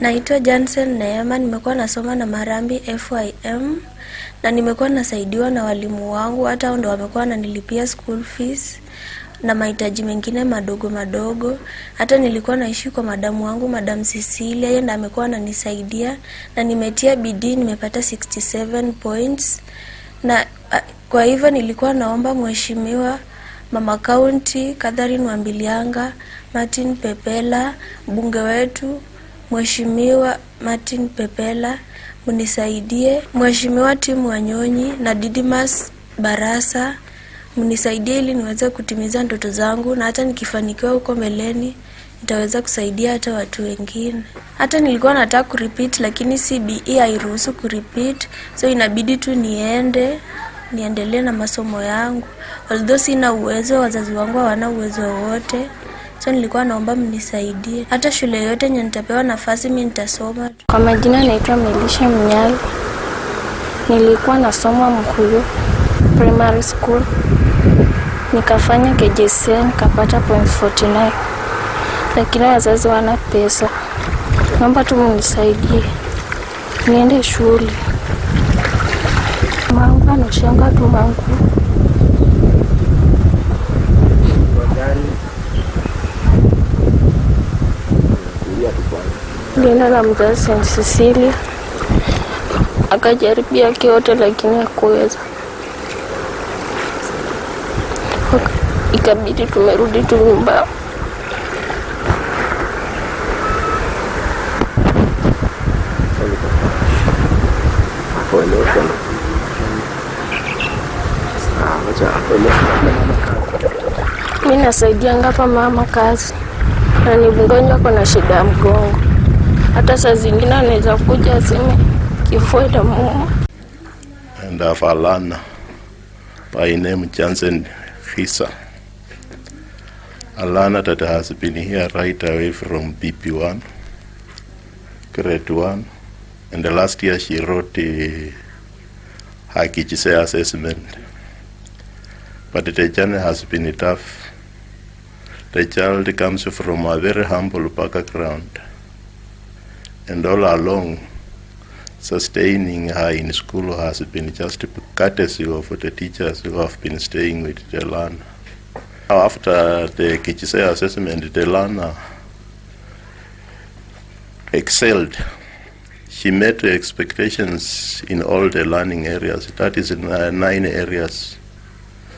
Naitwa Jansen Neema, nimekuwa nasoma na Marambi FYM na nimekuwa nasaidiwa na walimu wangu, hata ndo wamekuwa wananilipia school fees na mahitaji mengine madogo madogo. Hata nilikuwa naishi kwa madamu wangu, Madam Cecilia, yeye ndo amekuwa ananisaidia na nimetia bidii, nimepata 67 points na ah, kwa hivyo nilikuwa naomba mheshimiwa mama kaunti Catherine Wambilianga, Martin Pepela, mbunge wetu Mheshimiwa Martin Pepela mnisaidie, Mheshimiwa Tim Wanyonyi na Didimas Barasa mnisaidie ili niweze kutimiza ndoto zangu, na hata nikifanikiwa huko mbeleni nitaweza kusaidia hata watu wengine. Hata nilikuwa nataka kurepeat, lakini CBE hairuhusu kurepeat, so inabidi tu niende niendelee na masomo yangu, although sina uwezo, wazazi wangu hawana uwezo wowote so nilikuwa naomba mnisaidie, hata shule yoyote yenye nitapewa nafasi mi nitasoma. Kwa majina naitwa Melisha Mnyali, nilikuwa nasoma Mkuyu Primary School, nikafanya kejesia nikapata point 49, lakini wazazi wana pesa, naomba tu mnisaidie niende shule. Mangu anashanga tu mangu jina la mzazi Saint Cecilia. Akajaribia kiote lakini hakuweza, ikabidi tumerudi tu nyumba. Mimi nasaidia ngapa mama kazi, na ni mgonjwa, kuna shida ya mgongo hata saa zingine anaweza kuja aseme kifua Enda falana by name Jansen Fisa Alana that has been here right away from BP1 grade 1 and the last year she wrote uh, her assessment but the journey has been tough the child comes from a very humble background and all along sustaining her in school has been just courtesy of the teachers who have been staying with the learner. After the Kichise assessment, the learner excelled. She met the expectations in all the learning areas, that is, uh, nine areas.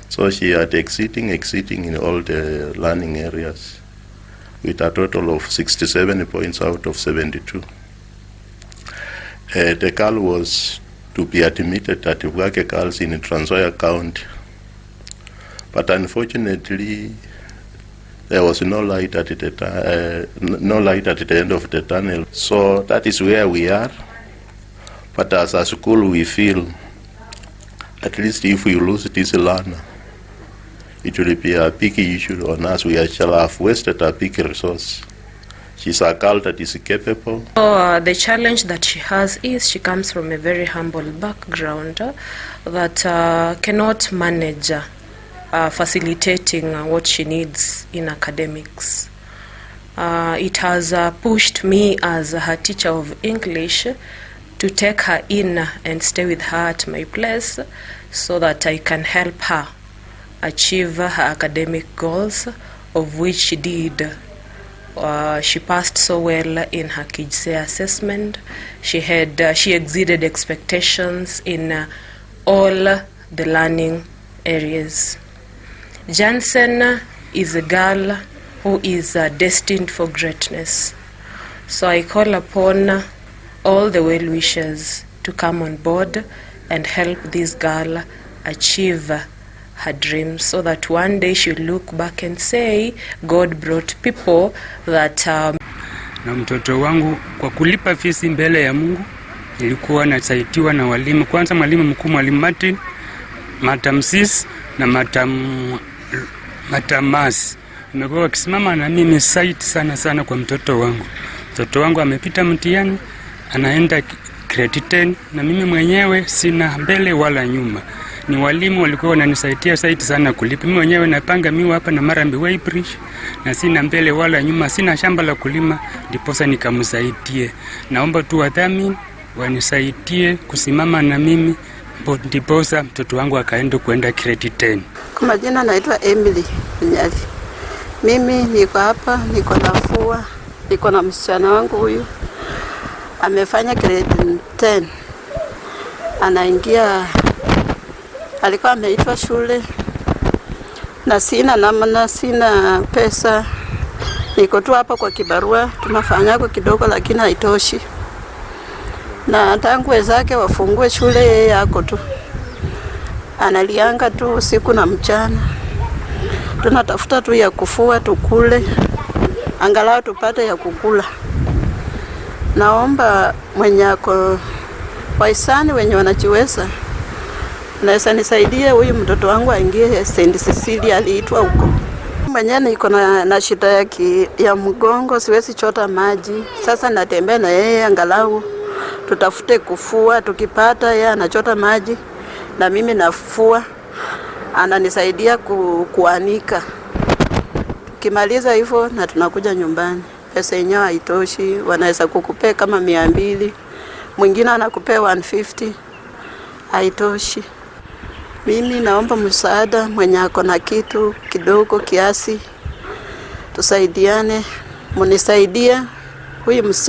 So she had exceeding, exceeding in all the learning areas with a total of 67 points out of 72. Uh, the girl was to be admitted at Wake Girls in the Nzoia County. But unfortunately, there was no light at the uh, no light at the end of the tunnel. So that is where we are. But as a school, we feel at least if we lose this learner, it will be a big issue on us. We shall have wasted a big resource. She's a girl that is capable. So, uh, the challenge that she has is she comes from a very humble background uh, that uh, cannot manage uh, uh, facilitating what she needs in academics. it has pushed me as her teacher of English to take her in and stay with her at my place so that I can help her achieve her academic goals, of which she did Uh, she passed so well in her KJSEA assessment. She had uh, she exceeded expectations in uh, all the learning areas. Jansen is a girl who is uh, destined for greatness. So I call upon all the well wishers to come on board and help this girl achieve her dreams so that one day she'll look back and say God brought people that um... na mtoto wangu kwa kulipa fisi mbele ya Mungu nilikuwa nasaitiwa na walimu, kwanza mwalimu mkuu mwalimu Martin Matam Sis na Matam Matamas amekuwa wakisimama na mimi site sana sana kwa mtoto wangu. Mtoto wangu amepita mtiani anaenda grade 10 na mimi mwenyewe sina mbele wala nyuma ni walimu walikuwa wananisaidia saiti sana kulipa. Mimi mwenyewe napanga miwa hapa na Marambi Weybridge na sina mbele wala nyuma, sina shamba la kulima, ndiposa nikamsaidie. Naomba tu wadhamini wanisaidie kusimama na mimi ndiposa mtoto wangu akaenda kuenda credit 10. Kwa majina naitwa Emily Nyali. Mimi niko hapa, niko na fua niko na msichana wangu huyu amefanya credit 10 anaingia alikuwa ameitwa shule na sina namna, sina pesa, niko tu hapa kwa kibarua, tunafanyako kidogo, lakini haitoshi. Na tangu wenzake wafungue shule, yeye yako tu analianga tu siku na mchana, tunatafuta tu ya kufua tukule, angalau tupate ya kukula. Naomba mwenye ako waisani wenye wanachiweza naweza nisaidie huyu mtoto wangu aingie St. Cecilia aliitwa huko. Manyani iko na, na shida ya, ki, ya mgongo, siwezi chota maji. Sasa natembea na yeye angalau tutafute kufua, tukipata yeye anachota maji na mimi nafua, ananisaidia ku, kuanika. Tukimaliza hivyo na tunakuja nyumbani. Pesa yenyewe haitoshi, wanaweza kukupea kama mia mbili, mwingine anakupea 150 haitoshi. Mimi naomba msaada, mwenye ako na kitu kidogo kiasi, tusaidiane, munisaidia huyu msichana.